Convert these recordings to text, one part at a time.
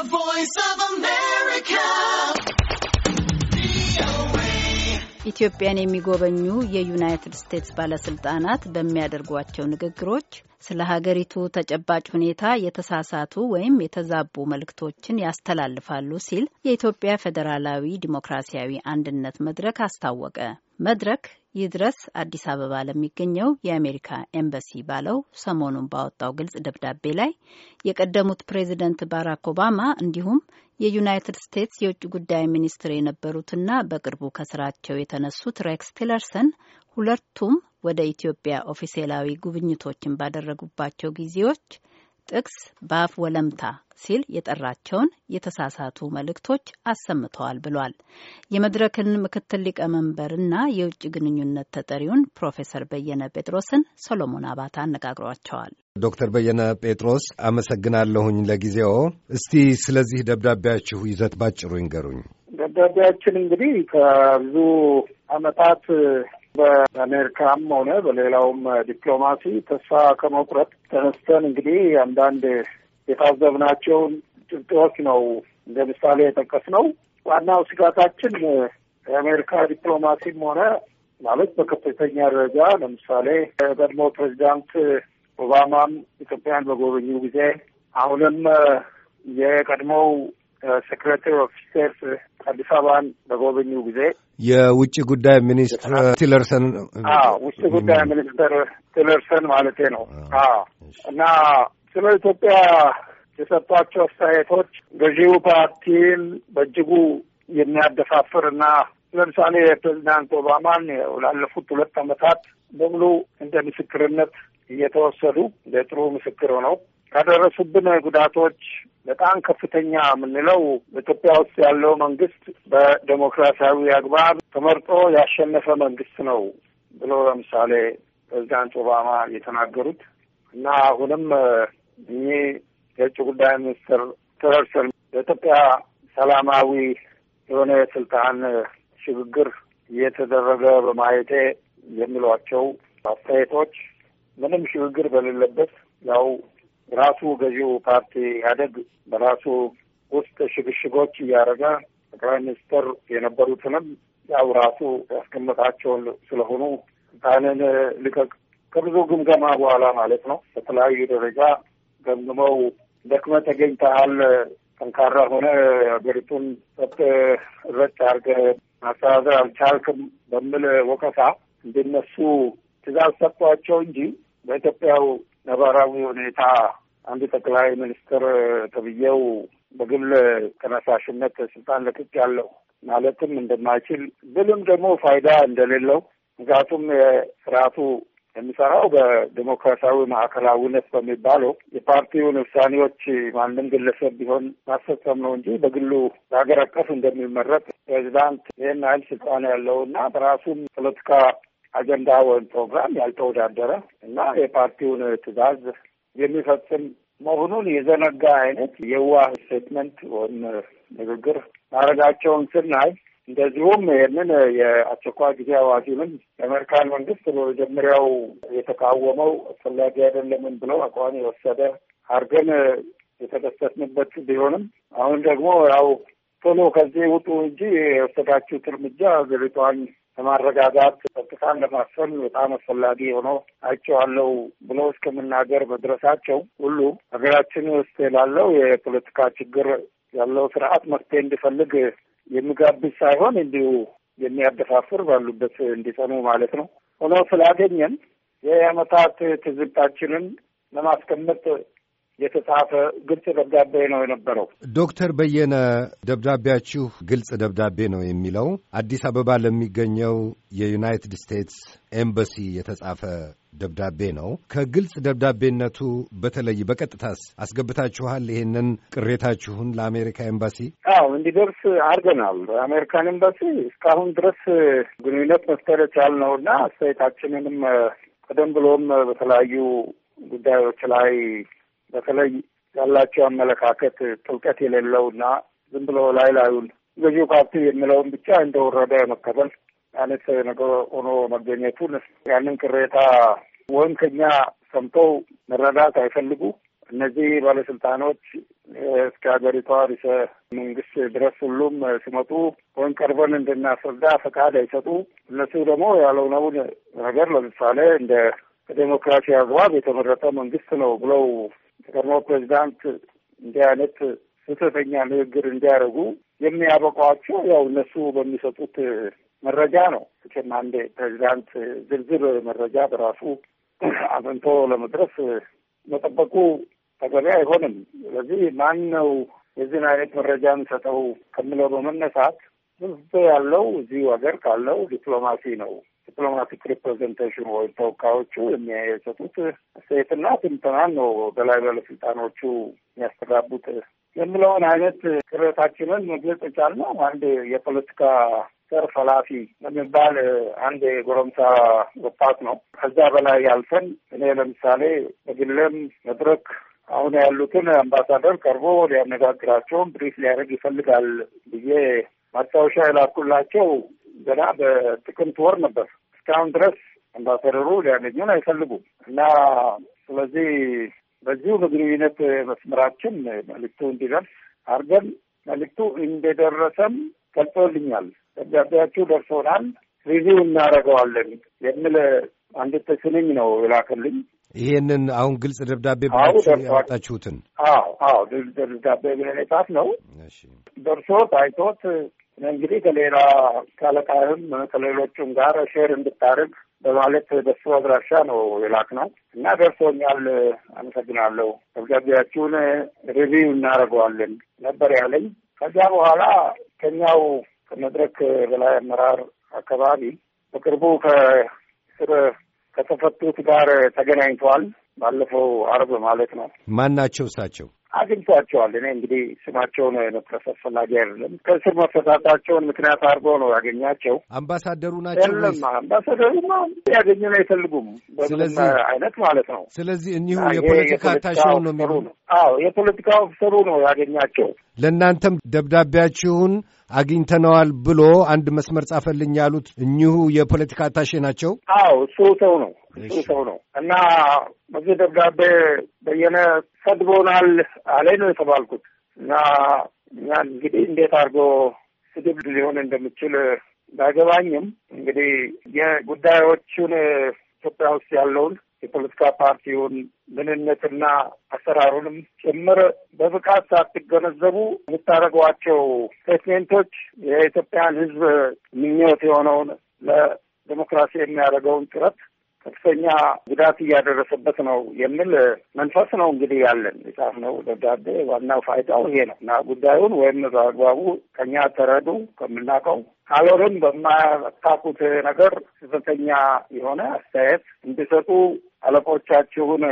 The Voice of America. ኢትዮጵያን የሚጎበኙ የዩናይትድ ስቴትስ ባለስልጣናት በሚያደርጓቸው ንግግሮች ስለ ሀገሪቱ ተጨባጭ ሁኔታ የተሳሳቱ ወይም የተዛቡ መልእክቶችን ያስተላልፋሉ ሲል የኢትዮጵያ ፌዴራላዊ ዲሞክራሲያዊ አንድነት መድረክ አስታወቀ። መድረክ ይድረስ አዲስ አበባ ለሚገኘው የአሜሪካ ኤምባሲ ባለው ሰሞኑን ባወጣው ግልጽ ደብዳቤ ላይ የቀደሙት ፕሬዚደንት ባራክ ኦባማ እንዲሁም የዩናይትድ ስቴትስ የውጭ ጉዳይ ሚኒስትር የነበሩትና በቅርቡ ከስራቸው የተነሱት ሬክስ ቲለርሰን ሁለቱም ወደ ኢትዮጵያ ኦፊሴላዊ ጉብኝቶችን ባደረጉባቸው ጊዜዎች ጥቅስ በአፍ ወለምታ ሲል የጠራቸውን የተሳሳቱ መልእክቶች አሰምተዋል ብሏል። የመድረክን ምክትል ሊቀመንበርና የውጭ ግንኙነት ተጠሪውን ፕሮፌሰር በየነ ጴጥሮስን ሶሎሞን አባታ አነጋግሯቸዋል። ዶክተር በየነ ጴጥሮስ አመሰግናለሁኝ ለጊዜው። እስቲ ስለዚህ ደብዳቤያችሁ ይዘት ባጭሩ ይንገሩኝ። ደብዳቤያችን እንግዲህ ከብዙ ዓመታት በአሜሪካም ሆነ በሌላውም ዲፕሎማሲ ተስፋ ከመቁረጥ ተነስተን እንግዲህ አንዳንድ የታዘብናቸውን ጭብጦች ነው እንደ ምሳሌ የጠቀስነው። ዋናው ስጋታችን የአሜሪካ ዲፕሎማሲም ሆነ ማለት በከፍተኛ ደረጃ ለምሳሌ የቀድሞ ፕሬዚዳንት ኦባማም ኢትዮጵያን በጎበኙ ጊዜ አሁንም የቀድሞው ሴክሬታሪ ኦፍ ስቴት አዲስ አበባን በጎበኙ ጊዜ የውጭ ጉዳይ ሚኒስትር ቲለርሰን ውጭ ጉዳይ ሚኒስትር ቲለርሰን ማለት ነው እና ስለ ኢትዮጵያ የሰጧቸው አስተያየቶች ገዢው ፓርቲን በእጅጉ የሚያደፋፍር እና ለምሳሌ የፕሬዚዳንት ኦባማን ላለፉት ሁለት ዓመታት በሙሉ እንደ ምስክርነት እየተወሰዱ ለጥሩ ምስክር ሆነው ከደረሱብን ጉዳቶች በጣም ከፍተኛ የምንለው በኢትዮጵያ ውስጥ ያለው መንግስት በዴሞክራሲያዊ አግባብ ተመርጦ ያሸነፈ መንግስት ነው ብሎ ለምሳሌ ፕሬዚዳንት ኦባማ የተናገሩት እና አሁንም እኚህ የውጭ ጉዳይ ሚኒስትር ቲለርሰን በኢትዮጵያ ሰላማዊ የሆነ የስልጣን ሽግግር እየተደረገ በማየቴ የሚሏቸው አስተያየቶች ምንም ሽግግር በሌለበት ያው ራሱ ገዢው ፓርቲ ያደግ በራሱ ውስጥ ሽግሽጎች እያደረገ ጠቅላይ ሚኒስትር የነበሩትንም ያው ራሱ ያስቀመጣቸውን ስለሆኑ ስልጣንን ልቀቅ ከብዙ ግምገማ በኋላ ማለት ነው። በተለያዩ ደረጃ ገምግመው ደክመ ተገኝተሃል፣ ጠንካራ ሆነ ሀገሪቱን ጸጥ ረጭ አርገ ማስተዳደር አልቻልክም በሚል ወቀሳ እንዲነሱ ትእዛዝ ሰጥቷቸው እንጂ በኢትዮጵያው ነባራዊ ሁኔታ አንድ ጠቅላይ ሚኒስትር ተብዬው በግል ተነሳሽነት ስልጣን ለቅቅ ያለው ማለትም እንደማይችል ብልም ደግሞ ፋይዳ እንደሌለው ምክንያቱም የስርዓቱ የሚሰራው በዲሞክራሲያዊ ማዕከላዊነት በሚባለው የፓርቲውን ውሳኔዎች ማንም ግለሰብ ቢሆን ማስፈጸም ነው እንጂ በግሉ በሀገር አቀፍ እንደሚመረጥ ፕሬዚዳንት ይህን ኃይል ስልጣን ያለው እና በራሱም ፖለቲካ አጀንዳ ወይም ፕሮግራም ያልተወዳደረ እና የፓርቲውን ትዕዛዝ የሚፈጽም መሆኑን የዘነጋ አይነት የዋህ ስቴትመንት ወይም ንግግር ማድረጋቸውን ስናይ እንደዚሁም ይህንን የአስቸኳይ ጊዜ አዋጁንም የአሜሪካን መንግስት በመጀመሪያው የተቃወመው አስፈላጊ አይደለምን ብለው አቋም የወሰደ አድርገን የተደሰትንበት ቢሆንም አሁን ደግሞ ያው ቶሎ ከዚህ ውጡ እንጂ የወሰዳችሁት እርምጃ ሀገሪቷን ለማረጋጋት ጸጥታን ለማስፈን በጣም አስፈላጊ ሆኖ አይቼዋለሁ ብሎ እስከመናገር መድረሳቸው ሁሉ ሀገራችን ውስጥ ላለው የፖለቲካ ችግር ያለው ስርዓት መፍትሄ እንዲፈልግ የሚጋብዝ ሳይሆን እንዲሁ የሚያደፋፍር ባሉበት እንዲጸኑ ማለት ነው ሆኖ ስላገኘን የአመታት ትዝብታችንን ለማስቀመጥ የተጻፈ ግልጽ ደብዳቤ ነው የነበረው። ዶክተር በየነ ደብዳቤያችሁ ግልጽ ደብዳቤ ነው የሚለው አዲስ አበባ ለሚገኘው የዩናይትድ ስቴትስ ኤምባሲ የተጻፈ ደብዳቤ ነው። ከግልጽ ደብዳቤነቱ በተለይ በቀጥታስ አስገብታችኋል? ይሄንን ቅሬታችሁን ለአሜሪካ ኤምባሲ? አዎ እንዲደርስ አድርገናል። አሜሪካን ኤምባሲ እስካሁን ድረስ ግንኙነት መፍጠር የቻልነው እና አስተያየታችንንም ቀደም ብሎም በተለያዩ ጉዳዮች ላይ በተለይ ያላቸው አመለካከት ጥልቀት የሌለው እና ዝም ብሎ ላይ ላዩን ገዢው ፓርቲ የሚለውን ብቻ እንደወረደ መከተል አይነት ነገር ሆኖ መገኘቱን ያንን ቅሬታ ወይም ከኛ ሰምተው መረዳት አይፈልጉ እነዚህ ባለስልጣኖች እስከ ሀገሪቷ ርዕሰ መንግስት ድረስ ሁሉም ሲመጡ ወይም ቀርበን እንድናስረዳ ፈቃድ አይሰጡ። እነሱ ደግሞ ያለውነውን ነገር ለምሳሌ እንደ ዴሞክራሲ አግባብ የተመረጠ መንግስት ነው ብለው የቀድሞ ፕሬዚዳንት እንዲህ አይነት ስህተተኛ ንግግር እንዲያደርጉ የሚያበቋቸው ያው እነሱ በሚሰጡት መረጃ ነው። መቼም አንድ ፕሬዚዳንት ዝርዝር መረጃ በራሱ አብንቶ ለመድረስ መጠበቁ ተገቢ አይሆንም። ስለዚህ ማን ነው የዚህን አይነት መረጃ የሚሰጠው ከምለው በመነሳት ህዝብ ያለው እዚሁ ሀገር ካለው ዲፕሎማሲ ነው። ዲፕሎማቲክ ሪፕሬዘንቴሽን ወይም ተወካዮቹ የሚሰጡት አስተያየትና ትንተናን ነው በላይ ባለስልጣኖቹ የሚያስተጋቡት የሚለውን አይነት ቅሬታችንን መግለጽ የቻልነው አንድ የፖለቲካ ዘርፍ ኃላፊ የሚባል አንድ የጎረምሳ ወጣት ነው። ከዛ በላይ ያልፈን እኔ ለምሳሌ በግለም መድረክ አሁን ያሉትን አምባሳደር ቀርቦ ሊያነጋግራቸውን ብሪፍ ሊያደርግ ይፈልጋል ብዬ ማስታወሻ የላኩላቸው ገና በጥቅምት ወር ነበር። እስካሁን ድረስ አምባሳደሩ ሊያገኙን አይፈልጉም እና ስለዚህ በዚሁ በግንኙነት መስመራችን መልክቱ እንዲደርስ አድርገን መልክቱ እንደደረሰም ገልጾልኛል። ደብዳቤያችሁ ደርሶናል፣ ሪቪው እናደርገዋለን የሚል አንድ ተስንኝ ነው የላክልኝ። ይሄንን አሁን ግልጽ ደብዳቤ ብላችሁ ያወጣችሁትን? አዎ አዎ፣ ደብዳቤ ብለን የጻፍ ነው። ደርሶት አይቶት እንግዲህ ከሌላ ካለቃህም ከሌሎቹም ጋር ሼር እንድታደርግ በማለት በሱ አድራሻ ነው የላክ ነው እና ደርሶኛል። አመሰግናለሁ። ደብዳቤያችሁን ሪቪው እናደርገዋለን ነበር ያለኝ። ከዚያ በኋላ ከኛው ከመድረክ በላይ አመራር አካባቢ በቅርቡ ከስር ከተፈቱት ጋር ተገናኝተዋል። ባለፈው አርብ ማለት ነው። ማን ናቸው እሳቸው? አግኝቷቸዋል። እኔ እንግዲህ ስማቸውን መጥቀስ አስፈላጊ አይደለም። ከእስር መፈታታቸውን ምክንያት አድርጎ ነው ያገኛቸው። አምባሳደሩ ናቸው። የለም ያገኙ ነው አይፈልጉም በምንም አይነት ማለት ነው። ስለዚህ እኒሁ የፖለቲካ አታሼው ነው የሚሉ አዎ፣ የፖለቲካ ኦፊሰሩ ነው ያገኛቸው። ለእናንተም ደብዳቤያችሁን አግኝተነዋል ብሎ አንድ መስመር ጻፈልኝ ያሉት እኚሁ የፖለቲካ አታሼ ናቸው። አዎ፣ እሱ ሰው ነው እሱ ሰው ነው እና በዚህ ደብዳቤ በየነ ሰድቦናል አለ ነው የተባልኩት እና እኛ እንግዲህ እንዴት አድርጎ ስድብ ሊሆን እንደምችል ባይገባኝም እንግዲህ የጉዳዮቹን ኢትዮጵያ ውስጥ ያለውን የፖለቲካ ፓርቲውን ምንነትና አሰራሩንም ጭምር በብቃት ሳትገነዘቡ የምታደርጓቸው ስቴትሜንቶች የኢትዮጵያን ሕዝብ ምኞት የሆነውን ለዲሞክራሲ የሚያደርገውን ጥረት ከፍተኛ ጉዳት እያደረሰበት ነው የሚል መንፈስ ነው እንግዲህ ያለን። የጻፍነው ደብዳቤ ዋናው ፋይዳው ይሄ ነው እና ጉዳዩን ወይም በአግባቡ ከኛ ተረዱ ከምናውቀው ካልሆነም በማታውቁት ነገር ስህተተኛ የሆነ አስተያየት እንዲሰጡ አለቆቻችሁን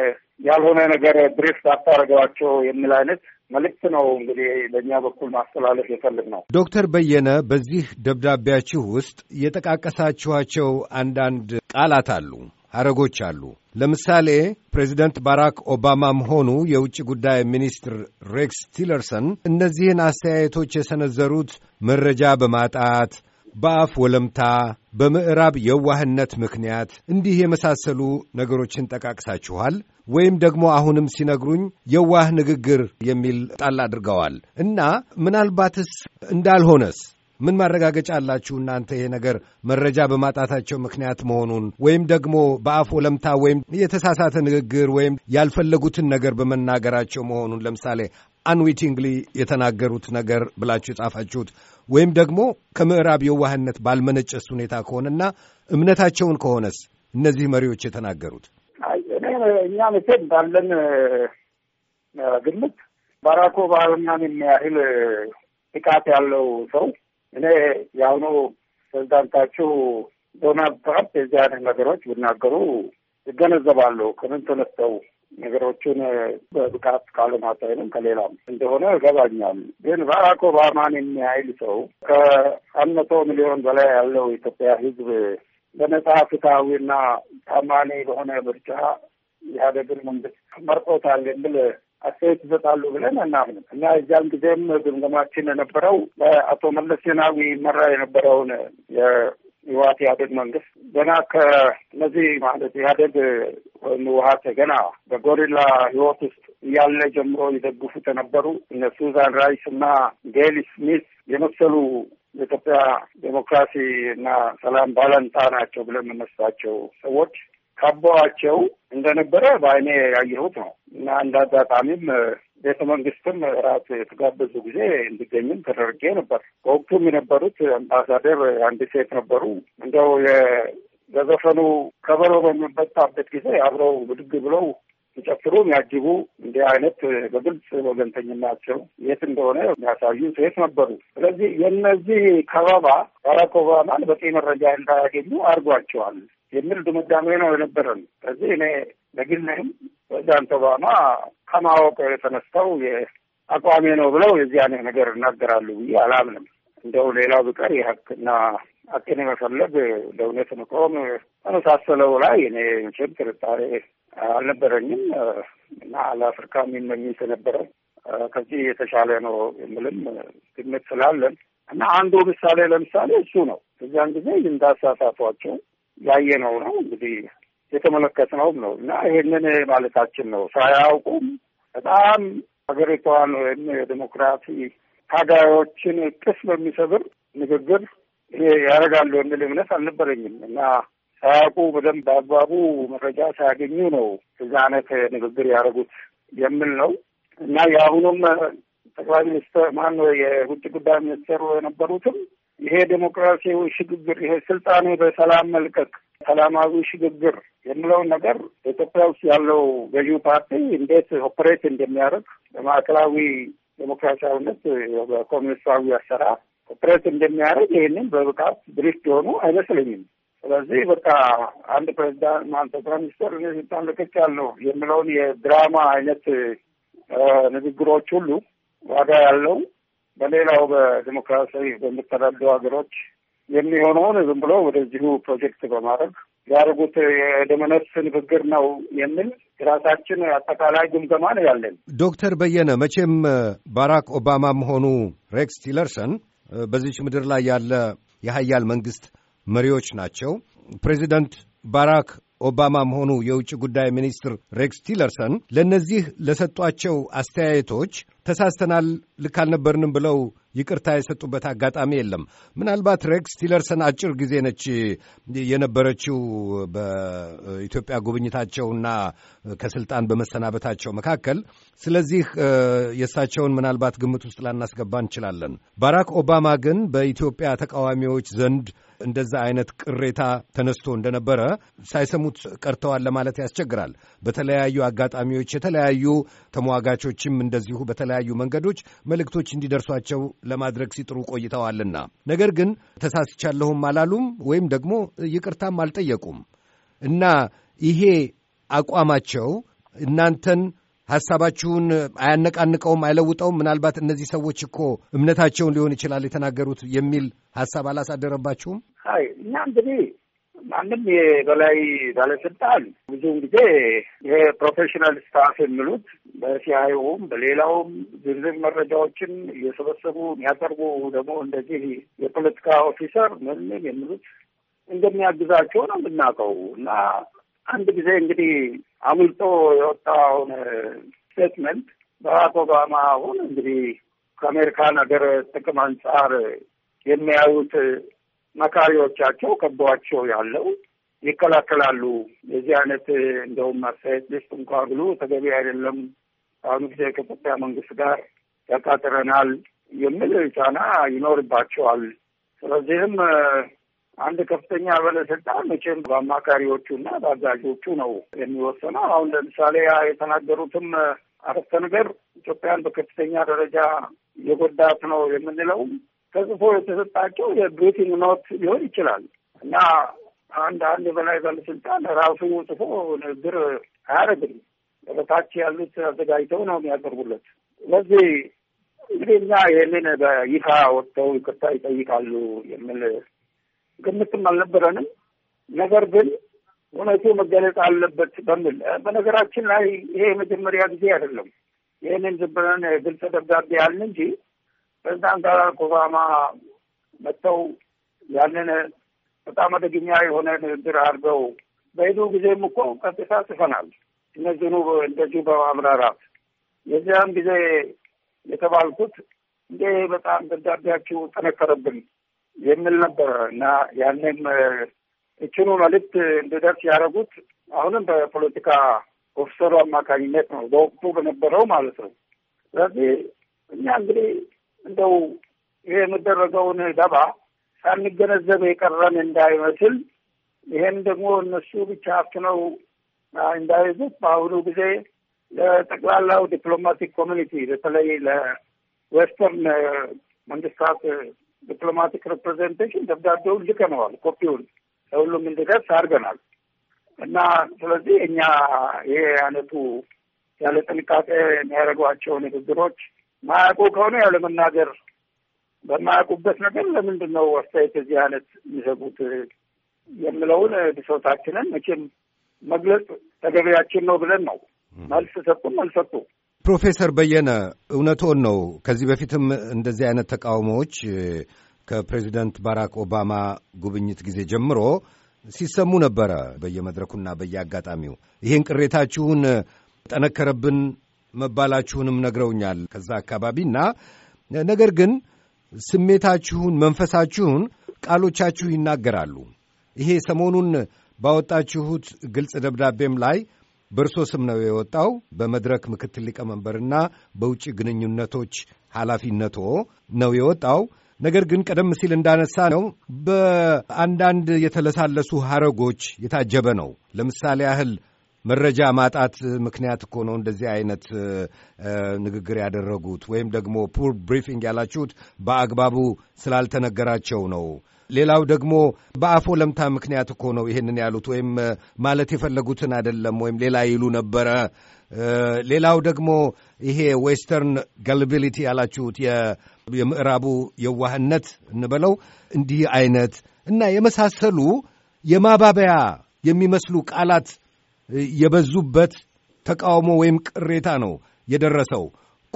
ያልሆነ ነገር ብሬፍ አታደርገዋቸው የሚል አይነት መልእክት ነው እንግዲህ በእኛ በኩል ማስተላለፍ የፈልግ ነው። ዶክተር በየነ በዚህ ደብዳቤያችሁ ውስጥ የጠቃቀሳችኋቸው አንዳንድ ቃላት አሉ፣ ሀረጎች አሉ። ለምሳሌ ፕሬዚደንት ባራክ ኦባማም ሆኑ የውጭ ጉዳይ ሚኒስትር ሬክስ ቲለርሰን እነዚህን አስተያየቶች የሰነዘሩት መረጃ በማጣት በአፍ ወለምታ፣ በምዕራብ የዋህነት ምክንያት እንዲህ የመሳሰሉ ነገሮችን ጠቃቅሳችኋል። ወይም ደግሞ አሁንም ሲነግሩኝ የዋህ ንግግር የሚል ጣል አድርገዋል እና ምናልባትስ እንዳልሆነስ ምን ማረጋገጫ አላችሁ እናንተ ይሄ ነገር መረጃ በማጣታቸው ምክንያት መሆኑን ወይም ደግሞ በአፍ ወለምታ ወይም የተሳሳተ ንግግር ወይም ያልፈለጉትን ነገር በመናገራቸው መሆኑን ለምሳሌ አንዊቲንግሊ የተናገሩት ነገር ብላችሁ የጻፋችሁት ወይም ደግሞ ከምዕራብ የዋህነት ባልመነጨስ ሁኔታ ከሆነና እምነታቸውን ከሆነስ እነዚህ መሪዎች የተናገሩት እኛ መቼም ባለን ግምት ባራክ ኦባማን የሚያህል ብቃት ያለው ሰው እኔ የአሁኑ ፕሬዚዳንታችሁ ዶናልድ ትራምፕ የዚህ አይነት ነገሮች ቢናገሩ ይገነዘባለሁ። ከምን ተነስተው ነገሮቹን በብቃት ካለማታይንም ከሌላም እንደሆነ ገባኛል። ግን ባራክ ኦባማን የሚያህል ሰው ከአንድ መቶ ሚሊዮን በላይ ያለው የኢትዮጵያ ሕዝብ በነጻ ፍትሐዊና ታማኒ በሆነ ምርጫ ኢህአዴግን መንግስት መርጦታል የሚል አስተያየት ይሰጣሉ ብለን እናምንም እና እዚያን ጊዜም ግምገማችን የነበረው በአቶ መለስ ዜናዊ መራ የነበረውን የህወሓት ኢህአዴግ መንግስት ገና ከእነዚህ ማለት ኢህአዴግ ወይም ህወሓት ገና በጎሪላ ህይወት ውስጥ እያለ ጀምሮ የደግፉት የነበሩ እነ ሱዛን ራይስ እና ጌል ስሚት የመሰሉ የኢትዮጵያ ዴሞክራሲ እና ሰላም ባለንጣ ናቸው ብለን የምነሳቸው ሰዎች ከበዋቸው እንደነበረ በአይኔ ያየሁት ነው እና እንደ አጋጣሚም ቤተ መንግስትም እራት የተጋበዙ ጊዜ እንዲገኝም ተደርጌ ነበር። በወቅቱም የነበሩት አምባሳደር አንድ ሴት ነበሩ። እንደው በዘፈኑ ከበሮ በሚመጣበት ጊዜ አብረው ብድግ ብለው ሲጨፍሩ የሚያጅቡ እንዲህ አይነት በግልጽ ወገንተኝናቸው የት እንደሆነ የሚያሳዩ ሴት ነበሩ። ስለዚህ የእነዚህ ከበባ ባራክ ኦባማን በቂ መረጃ እንዳያገኙ አድርጓቸዋል። የሚል ድምዳሜ ነው የነበረን። ስለዚህ እኔ ለግሌም ፕሬዚዳንት ኦባማ ከማወቅ የተነስተው አቋሜ ነው ብለው የዚህ አይነት ነገር እናገራሉ ብዬ አላምንም። እንደው ሌላው ብቀር የሀቅና ሀቅን የመፈለግ ለእውነት መቆም ተመሳሰለው ላይ እኔ ምችም ጥርጣሬ አልነበረኝም እና ለአፍሪካ የሚመኝ ስለነበረ ከዚህ የተሻለ ነው የምልም ግምት ስላለን እና አንዱ ምሳሌ ለምሳሌ እሱ ነው። እዚያን ጊዜ እንዳሳሳቷቸው ያየነው ነው እንግዲህ የተመለከትነውም ነው እና ይሄንን ማለታችን ነው። ሳያውቁም በጣም ሀገሪቷን ወይም የዲሞክራሲ ታጋዮችን ቅስ በሚሰብር ንግግር ያደርጋሉ የሚል እምነት አልነበረኝም እና ሳያውቁ በደንብ በአግባቡ መረጃ ሳያገኙ ነው እዛ አይነት ንግግር ያደረጉት የሚል ነው እና የአሁኑም ጠቅላይ ሚኒስትር ማን የውጭ ጉዳይ ሚኒስቴሩ የነበሩትም ይሄ ዴሞክራሲያዊ ሽግግር ይሄ ስልጣኔ በሰላም መልቀቅ ሰላማዊ ሽግግር የሚለውን ነገር በኢትዮጵያ ውስጥ ያለው ገዢ ፓርቲ እንዴት ኦፕሬት እንደሚያደርግ በማዕከላዊ ዴሞክራሲያዊነት በኮሚኒስታዊ አሰራር ኦፕሬት እንደሚያደርግ ይህንን በብቃት ብሪፍ የሆኑ አይመስለኝም። ስለዚህ በቃ አንድ ፕሬዚዳንት ማን ጠቅላይ ሚኒስትር እኔ ስልጣን ለቅቄያለሁ የሚለውን የድራማ አይነት ንግግሮች ሁሉ ዋጋ ያለው በሌላው በዲሞክራሲያዊ በሚተዳደሩ ሀገሮች የሚሆነውን ዝም ብሎ ወደዚሁ ፕሮጀክት በማድረግ ያደርጉት የደመነፍስ ንግግር ነው የሚል የራሳችን አጠቃላይ ግምገማ ነው ያለን። ዶክተር በየነ መቼም ባራክ ኦባማም ሆኑ ሬክስ ቲለርሰን በዚች ምድር ላይ ያለ የሀያል መንግስት መሪዎች ናቸው። ፕሬዚደንት ባራክ ኦባማም ሆኑ የውጭ ጉዳይ ሚኒስትር ሬክስ ቲለርሰን ለእነዚህ ለሰጧቸው አስተያየቶች ተሳስተናል፣ ልክ አልነበርንም ብለው ይቅርታ የሰጡበት አጋጣሚ የለም። ምናልባት ሬክስ ቲለርሰን አጭር ጊዜ ነች የነበረችው በኢትዮጵያ ጉብኝታቸውና ከስልጣን በመሰናበታቸው መካከል። ስለዚህ የእሳቸውን ምናልባት ግምት ውስጥ ላናስገባ እንችላለን። ባራክ ኦባማ ግን በኢትዮጵያ ተቃዋሚዎች ዘንድ እንደዛ አይነት ቅሬታ ተነስቶ እንደነበረ ሳይሰሙት ቀርተዋል ለማለት ያስቸግራል። በተለያዩ አጋጣሚዎች የተለያዩ ተሟጋቾችም እንደዚሁ በተለያ በተለያዩ መንገዶች መልእክቶች እንዲደርሷቸው ለማድረግ ሲጥሩ ቆይተዋልና ነገር ግን ተሳስቻለሁም አላሉም ወይም ደግሞ ይቅርታም አልጠየቁም እና ይሄ አቋማቸው እናንተን ሐሳባችሁን አያነቃንቀውም፣ አይለውጠውም። ምናልባት እነዚህ ሰዎች እኮ እምነታቸውን ሊሆን ይችላል የተናገሩት የሚል ሐሳብ አላሳደረባችሁም? አይ እኛ እንግዲህ ማንም የበላይ ባለስልጣን ብዙውን ጊዜ የፕሮፌሽናል ፕሮፌሽናል ስታፍ የሚሉት በሲአይኦም በሌላውም ዝርዝር መረጃዎችን እየሰበሰቡ የሚያቀርቡ ደግሞ እንደዚህ የፖለቲካ ኦፊሰር ምንም የሚሉት እንደሚያግዛቸው ነው የምናውቀው እና አንድ ጊዜ እንግዲህ አምልጦ የወጣውን ስቴትመንት ባራክ ኦባማ አሁን እንግዲህ ከአሜሪካን ሀገር ጥቅም አንጻር የሚያዩት መካሪዎቻቸው ከበዋቸው ያለው ይከላከላሉ። የዚህ አይነት እንደውም አስተያየት ልስጥ እንኳ ብሎ ተገቢ አይደለም፣ አሁኑ ጊዜ ከኢትዮጵያ መንግስት ጋር ያቃጥረናል የሚል ጫና ይኖርባቸዋል። ስለዚህም አንድ ከፍተኛ ባለስልጣን መቼም በአማካሪዎቹ እና በአዛዦቹ ነው የሚወሰነው። አሁን ለምሳሌ የተናገሩትም አረፍተ ነገር ኢትዮጵያን በከፍተኛ ደረጃ የጎዳት ነው የምንለውም ተጽፎ የተሰጣቸው የቤቲንግ ኖት ሊሆን ይችላል እና አንድ አንድ የበላይ ባለስልጣን ራሱ ጽፎ ንግግር አያደርግም። በታች ያሉት አዘጋጅተው ነው የሚያቀርቡለት። ስለዚህ እንግዲህ እኛ ይህንን በይፋ ወጥተው ይቅርታ ይጠይቃሉ የሚል ግምትም አልነበረንም። ነገር ግን እውነቱ መገለጽ አለበት በሚል በነገራችን ላይ ይሄ የመጀመሪያ ጊዜ አይደለም። ይህንን ዝም ብለን ግልጽ ደብዳቤ ያልን እንጂ ፕሬዚዳንት ባራክ ኦባማ መጥተው ያንን በጣም አደገኛ የሆነ ንግግር አድርገው በሄዱ ጊዜም እኮ ቀጥታ ጽፈናል። እነዚህኑ እንደዚሁ በማብራራት የዚያን ጊዜ የተባልኩት እንደ በጣም ደብዳቤያችሁ ጠነከረብን የሚል ነበረ እና ያንም እችኑ መልዕክት እንድደርስ ያደረጉት አሁንም በፖለቲካ ኦፊሰሩ አማካኝነት ነው፣ በወቅቱ በነበረው ማለት ነው። ስለዚህ እኛ እንግዲህ እንደው ይሄ የሚደረገውን ደባ ሳንገነዘብ የቀረን እንዳይመስል ይሄን ደግሞ እነሱ ብቻ አፍነው እንዳይዙት በአሁኑ ጊዜ ለጠቅላላው ዲፕሎማቲክ ኮሚኒቲ በተለይ ለዌስተርን መንግስታት ዲፕሎማቲክ ሪፕሬዘንቴሽን ደብዳቤውን ልከነዋል። ኮፒውን ለሁሉም እንዲደርስ አድርገናል። እና ስለዚህ እኛ ይሄ አይነቱ ያለ ጥንቃቄ የሚያደርጓቸው ንግግሮች ማያውቁ ከሆነ ያው ለመናገር በማያውቁበት ነገር ለምንድን ነው አስተያየት እዚህ አይነት የሚሰጡት የምለውን ብሶታችንን መቼም መግለጽ ተገቢያችን ነው ብለን ነው መልስ ሰጡም አልሰጡ። ፕሮፌሰር በየነ እውነቶን ነው። ከዚህ በፊትም እንደዚህ አይነት ተቃውሞዎች ከፕሬዚደንት ባራክ ኦባማ ጉብኝት ጊዜ ጀምሮ ሲሰሙ ነበረ በየመድረኩና በየአጋጣሚው። ይህን ቅሬታችሁን ጠነከረብን መባላችሁንም ነግረውኛል ከዛ አካባቢ እና ነገር ግን ስሜታችሁን፣ መንፈሳችሁን ቃሎቻችሁ ይናገራሉ። ይሄ ሰሞኑን ባወጣችሁት ግልጽ ደብዳቤም ላይ በእርሶ ስም ነው የወጣው በመድረክ ምክትል ሊቀመንበርና በውጭ ግንኙነቶች ኃላፊነቶ ነው የወጣው። ነገር ግን ቀደም ሲል እንዳነሳ ነው በአንዳንድ የተለሳለሱ ሐረጎች የታጀበ ነው። ለምሳሌ ያህል መረጃ ማጣት ምክንያት እኮ ነው እንደዚህ አይነት ንግግር ያደረጉት ወይም ደግሞ ፑር ብሪፊንግ ያላችሁት በአግባቡ ስላልተነገራቸው ነው። ሌላው ደግሞ በአፎ ለምታ ምክንያት እኮ ነው ይሄንን ያሉት ወይም ማለት የፈለጉትን አይደለም ወይም ሌላ ይሉ ነበረ። ሌላው ደግሞ ይሄ ዌስተርን ጋልቢሊቲ ያላችሁት የምዕራቡ የዋህነት እንበለው እንዲህ አይነት እና የመሳሰሉ የማባበያ የሚመስሉ ቃላት የበዙበት ተቃውሞ ወይም ቅሬታ ነው የደረሰው።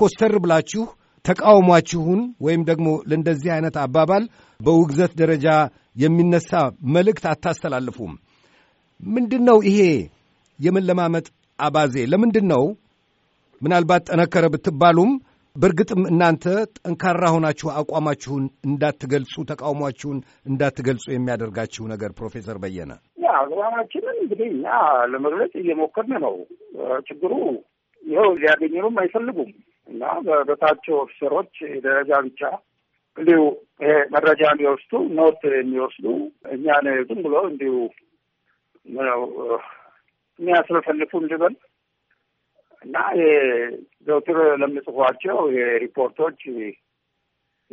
ኮስተር ብላችሁ ተቃውሟችሁን ወይም ደግሞ ለእንደዚህ አይነት አባባል በውግዘት ደረጃ የሚነሳ መልእክት አታስተላልፉም። ምንድን ነው ይሄ የመለማመጥ አባዜ? ለምንድን ነው ምናልባት ጠነከረ ብትባሉም በእርግጥም እናንተ ጠንካራ ሆናችሁ አቋማችሁን እንዳትገልጹ፣ ተቃውሟችሁን እንዳትገልጹ የሚያደርጋችሁ ነገር ፕሮፌሰር በየነ አቋማችንን እንግዲህ እኛ ለመግለጽ እየሞከርን ነው። ችግሩ ይኸው ሊያገኙንም አይፈልጉም እና በበታቸው ኦፊሰሮች ደረጃ ብቻ እንዲሁ ይሄ መረጃ የሚወስዱ ኖት የሚወስዱ እኛን ዝም ብሎ እንዲሁ የሚያስለፈልፉ እንድበል እና ዘውትር ለምጽፏቸው የሪፖርቶች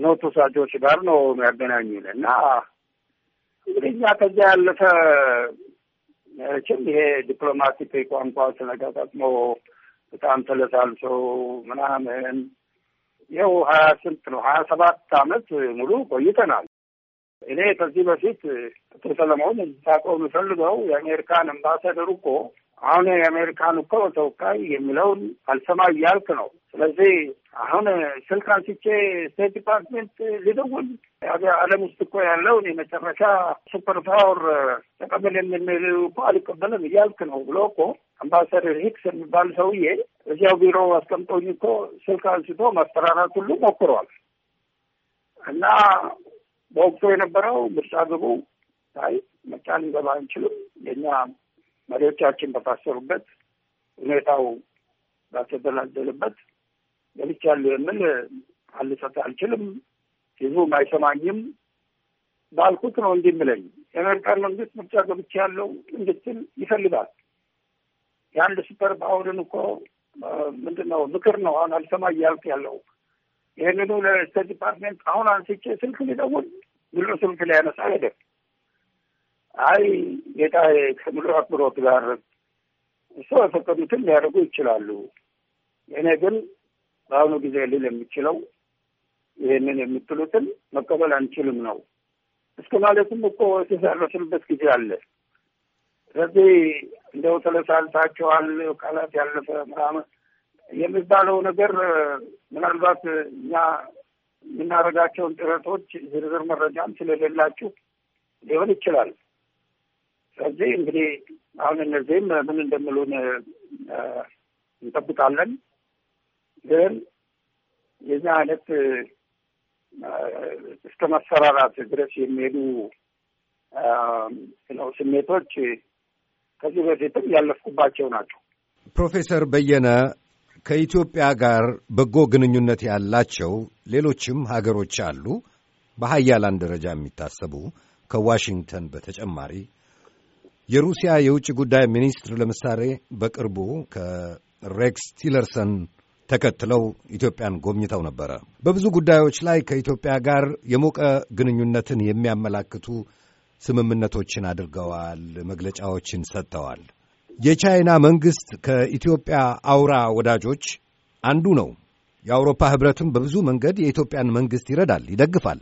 ሪፖርቶች ሳጆች ጋር ነው የሚያገናኙን እና እንግዲህ እኛ ከዚያ ያለፈ ችም ይሄ ዲፕሎማቲክ ቋንቋ ስለተጠቅሞ በጣም ተለሳልሶ ምናምን ይኸው ሀያ ስንት ነው ሀያ ሰባት አመት ሙሉ ቆይተናል። እኔ ከዚህ በፊት አቶ ሰለሞን ታውቀው የምፈልገው የአሜሪካን አምባሳደር እኮ አሁን የአሜሪካን እኮ ተወካይ የሚለውን አልሰማ እያልክ ነው። ስለዚህ አሁን ስልክ አንስቼ ስቴት ዲፓርትሜንት ሊደውል ዓለም ውስጥ እኮ ያለውን የመጨረሻ ሱፐር ፓወር ተቀበል የምንል እኮ አልቀበልም እያልክ ነው ብሎ እኮ አምባሳደር ሂክስ የሚባል ሰውዬ እዚያው ቢሮ አስቀምጦኝ እኮ ስልክ አንስቶ ማስፈራራት ሁሉ ሞክሯል። እና በወቅቱ የነበረው ምርጫ ግቡ ታይ መጫን ገባ አንችልም የኛ መሪዎቻችን በታሰሩበት ሁኔታው ባልተደላደለበት ገብቻለሁ የምል አልሰጥ አልችልም። ህዝቡም አይሰማኝም ባልኩት ነው እንዲህ የምለኝ። የአሜሪካን መንግስት ምርጫ ገብቻ ያለው እንድትል ይፈልጋል። የአንድ ሱፐር ፓወርን እኮ ምንድን ነው ምክር ነው አሁን አልሰማ እያልክ ያለው። ይህንኑ ለስቴት ዲፓርትሜንት አሁን አንስቼ ስልክ ሊደውል ብሎ ስልክ ላይ ያነሳ ሄደ። አይ ጌታ ከሙሉ አክብሮት ጋር እሱ የፈቀዱትን ሊያደርጉ ይችላሉ። እኔ ግን በአሁኑ ጊዜ ልል የምችለው ይህንን የምትሉትን መቀበል አንችልም ነው እስከ ማለትም እኮ የተሳረፍንበት ጊዜ አለ። ስለዚህ እንደው ተለሳልሳቸዋል ቃላት ያለፈ ምናምን የሚባለው ነገር ምናልባት እኛ የምናደርጋቸውን ጥረቶች ዝርዝር መረጃም ስለሌላችሁ ሊሆን ይችላል። ስለዚህ እንግዲህ አሁን እነዚህም ምን እንደምሉን እንጠብቃለን። ግን የዚህ አይነት እስከ መሰራራት ድረስ የሚሄዱ ነው ስሜቶች ከዚህ በፊትም ያለፍኩባቸው ናቸው። ፕሮፌሰር በየነ ከኢትዮጵያ ጋር በጎ ግንኙነት ያላቸው ሌሎችም ሀገሮች አሉ፣ በሀያላን ደረጃ የሚታሰቡ ከዋሽንግተን በተጨማሪ የሩሲያ የውጭ ጉዳይ ሚኒስትር ለምሳሌ በቅርቡ ከሬክስ ቲለርሰን ተከትለው ኢትዮጵያን ጎብኝተው ነበረ። በብዙ ጉዳዮች ላይ ከኢትዮጵያ ጋር የሞቀ ግንኙነትን የሚያመላክቱ ስምምነቶችን አድርገዋል፣ መግለጫዎችን ሰጥተዋል። የቻይና መንግሥት ከኢትዮጵያ አውራ ወዳጆች አንዱ ነው። የአውሮፓ ህብረትም በብዙ መንገድ የኢትዮጵያን መንግሥት ይረዳል፣ ይደግፋል።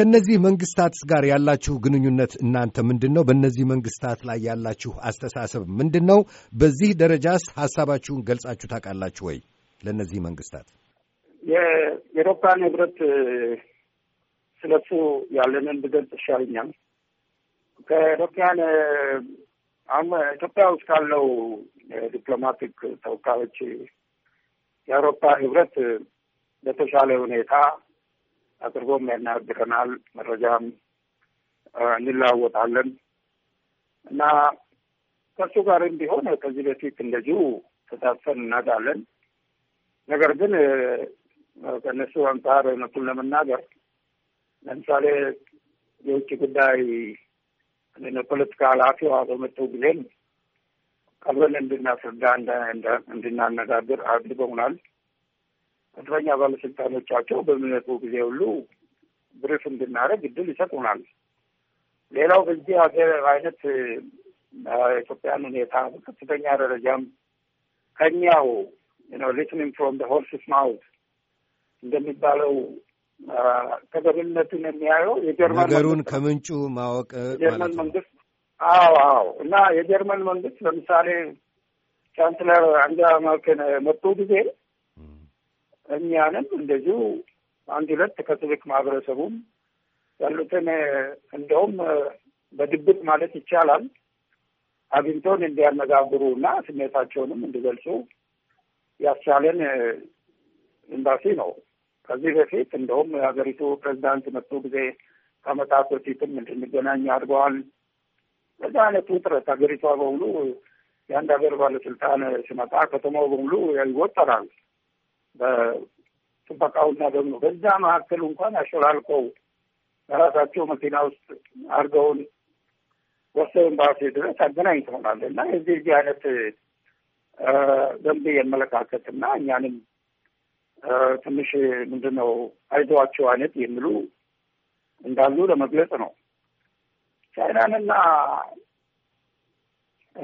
ከእነዚህ መንግስታት ጋር ያላችሁ ግንኙነት እናንተ ምንድን ነው? በእነዚህ መንግስታት ላይ ያላችሁ አስተሳሰብ ምንድን ነው? በዚህ ደረጃስ ሀሳባችሁን ገልጻችሁ ታውቃላችሁ ወይ? ለእነዚህ መንግስታት የአውሮፓን ህብረት ስለሱ ያለንን ብገልጽ ይሻለኛል። ከኢትዮጵያን አሁን ኢትዮጵያ ውስጥ ካለው ዲፕሎማቲክ ተወካዮች የአውሮፓ ህብረት በተሻለ ሁኔታ አቅርቦም ያናግረናል። መረጃም እንለዋወጣለን እና ከእሱ ጋርም ቢሆን ከዚህ በፊት እንደዚሁ ተሳትፈን እናውቃለን። ነገር ግን ከእነሱ አንጻር እውነቱን ለመናገር ለምሳሌ የውጭ ጉዳይ ፖለቲካ ኃላፊዋ በመጡ ጊዜም አብረን እንድናስረዳ እንድናነጋግር አድርገውናል። ከፍተኛ ባለስልጣኖቻቸው በሚመጡ ጊዜ ሁሉ ብሪፍ እንድናደርግ እድል ይሰጡናል። ሌላው በዚህ ሀገር አይነት ኢትዮጵያን ሁኔታ በከፍተኛ ደረጃም ከኛው ሊስኒንግ ፍሮም ሆርስስ ማውት እንደሚባለው ተገቢነቱን የሚያየው የጀርመን ነገሩን ከምንጩ ማወቅ ጀርመን መንግስት አዎ አዎ። እና የጀርመን መንግስት ለምሳሌ ቻንስለር አንገላ መርክል መጡ ጊዜ እኛንም እንደዚሁ አንድ ሁለት ከሲቪክ ማህበረሰቡም ያሉትን እንደውም በድብቅ ማለት ይቻላል አግኝቶን እንዲያነጋግሩ እና ስሜታቸውንም እንዲገልጹ ያስቻለን ኤምባሲ ነው። ከዚህ በፊት እንደውም የሀገሪቱ ፕሬዚዳንት መጥቶ ጊዜ ከመጣት በፊትም እንድንገናኝ አድርገዋል። በዛ አይነት ውጥረት ሀገሪቷ በሙሉ የአንድ ሀገር ባለስልጣን ሲመጣ ከተማው በሙሉ ይወጠራል። በጥበቃውና ደግሞ በዛ መካከል እንኳን አሸላልቀው በራሳቸው መኪና ውስጥ አድርገውን ወሰው ኤምባሲ ድረስ አገናኝተውናል እና የዚህ እዚህ አይነት ደንብ የመለካከት እና እኛንም ትንሽ ምንድን ነው አይዘዋቸው አይነት የሚሉ እንዳሉ ለመግለጽ ነው። ቻይናንና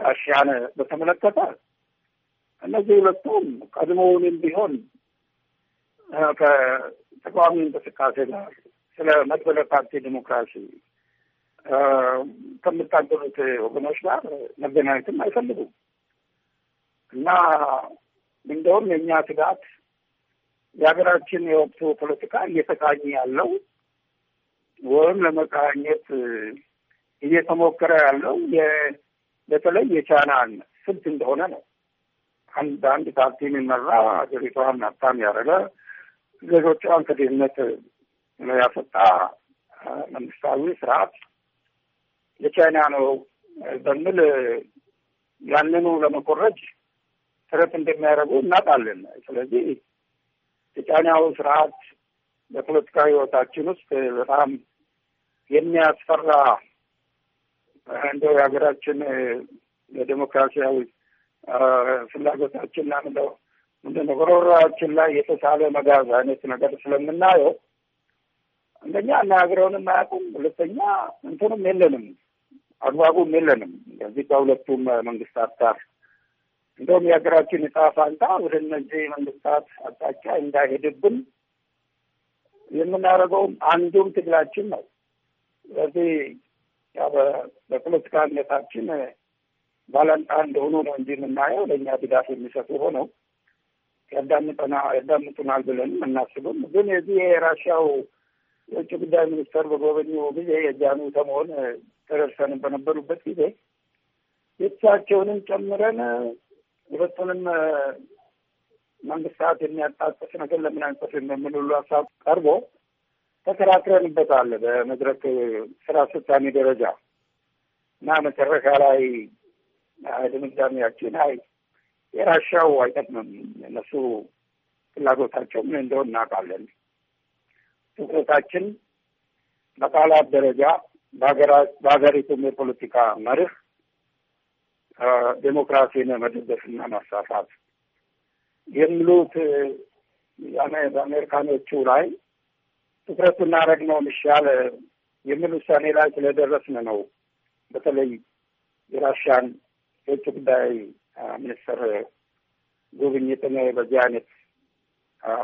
ራሽያን በተመለከተ እነዚህ ሁለቱም ቀድሞውንም ቢሆን ከተቃዋሚ እንቅስቃሴ ጋር ስለ መድበለ ፓርቲ ዲሞክራሲ ከምታገሉት ወገኖች ጋር መገናኘትም አይፈልጉም እና እንደውም የእኛ ስጋት የሀገራችን የወቅቱ ፖለቲካ እየተቃኘ ያለው ወይም ለመቃኘት እየተሞከረ ያለው በተለይ የቻናን ስልት እንደሆነ ነው። አንድ በአንድ ፓርቲ የሚመራ ሀገሪቷን ሀብታም ያደረገ ዜጎቿን ከድህነት ያስወጣ መንግስታዊ ስርዓት የቻይና ነው በሚል ያንኑ ለመቆረጅ ጥረት እንደሚያደርጉ እናውቃለን። ስለዚህ የቻይናው ስርዓት በፖለቲካ ህይወታችን ውስጥ በጣም የሚያስፈራ እንደው የሀገራችን የዴሞክራሲያዊ ፍላጎታችን ናምለው ምንድን ምንድነው ጉሮሮችን ላይ የተሳለ መጋዝ አይነት ነገር ስለምናየው አንደኛ አናግረውንም አያውቁም፣ ሁለተኛ እንትንም የለንም፣ አግባቡም የለንም። ከዚህ ከሁለቱም መንግስታት ጋር እንደውም የሀገራችን ዕጣ ፋንታ ወደ እነዚህ መንግስታት አቅጣጫ እንዳይሄድብን የምናደርገውም አንዱም ትግላችን ነው። ስለዚህ በፖለቲካ በፖለቲካነታችን ባላንጣ እንደሆኑ ነው እንጂ የምናየው ለእኛ ድጋፍ የሚሰጡ ሆነው ያዳምጡናል ብለን እናስብም። ግን የዚህ የራሽያው የውጭ ጉዳይ ሚኒስተር በጎበኙ ጊዜ የጃኑ ተመሆን ተደርሰን በነበሩበት ጊዜ የእሳቸውንም ጨምረን ሁለቱንም መንግስታት የሚያጣጥፍ ነገር ለምን አንጽፍም የሚል ሀሳብ ቀርቦ ተከራክረንበታል በመድረክ ስራ አስፈጻሚ ደረጃ እና መጨረሻ ላይ ድምዳሜያችን አይ የራሻው አይጠቅምም እነሱ ፍላጎታቸው ምን እንደሆን እናውቃለን። ትኩረታችን በቃላት ደረጃ በሀገሪቱም የፖለቲካ መርህ ዴሞክራሲን መደገፍና ማሳሳት የሚሉት በአሜሪካኖቹ ላይ ትኩረት እናደርግ ነው የሚሻል የሚል ውሳኔ ላይ ስለደረስን ነው። በተለይ የራሽያን የውጭ ጉዳይ ሚኒስትር ጉብኝትን በዚህ አይነት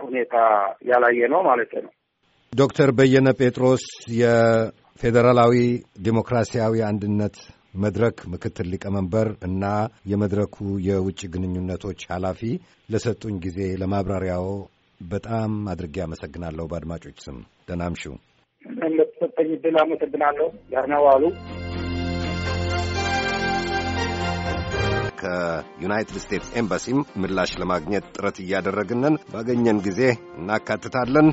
ሁኔታ ያላየ ነው ማለት ነው። ዶክተር በየነ ጴጥሮስ የፌዴራላዊ ዴሞክራሲያዊ አንድነት መድረክ ምክትል ሊቀመንበር እና የመድረኩ የውጭ ግንኙነቶች ኃላፊ ለሰጡኝ ጊዜ ለማብራሪያው በጣም አድርጌ አመሰግናለሁ። በአድማጮች ስም ደናምሹ ለተሰጠኝ አመሰግናለሁ። ደህና ዋሉ። ከዩናይትድ ስቴትስ ኤምባሲም ምላሽ ለማግኘት ጥረት እያደረግንን ባገኘን ጊዜ እናካትታለን።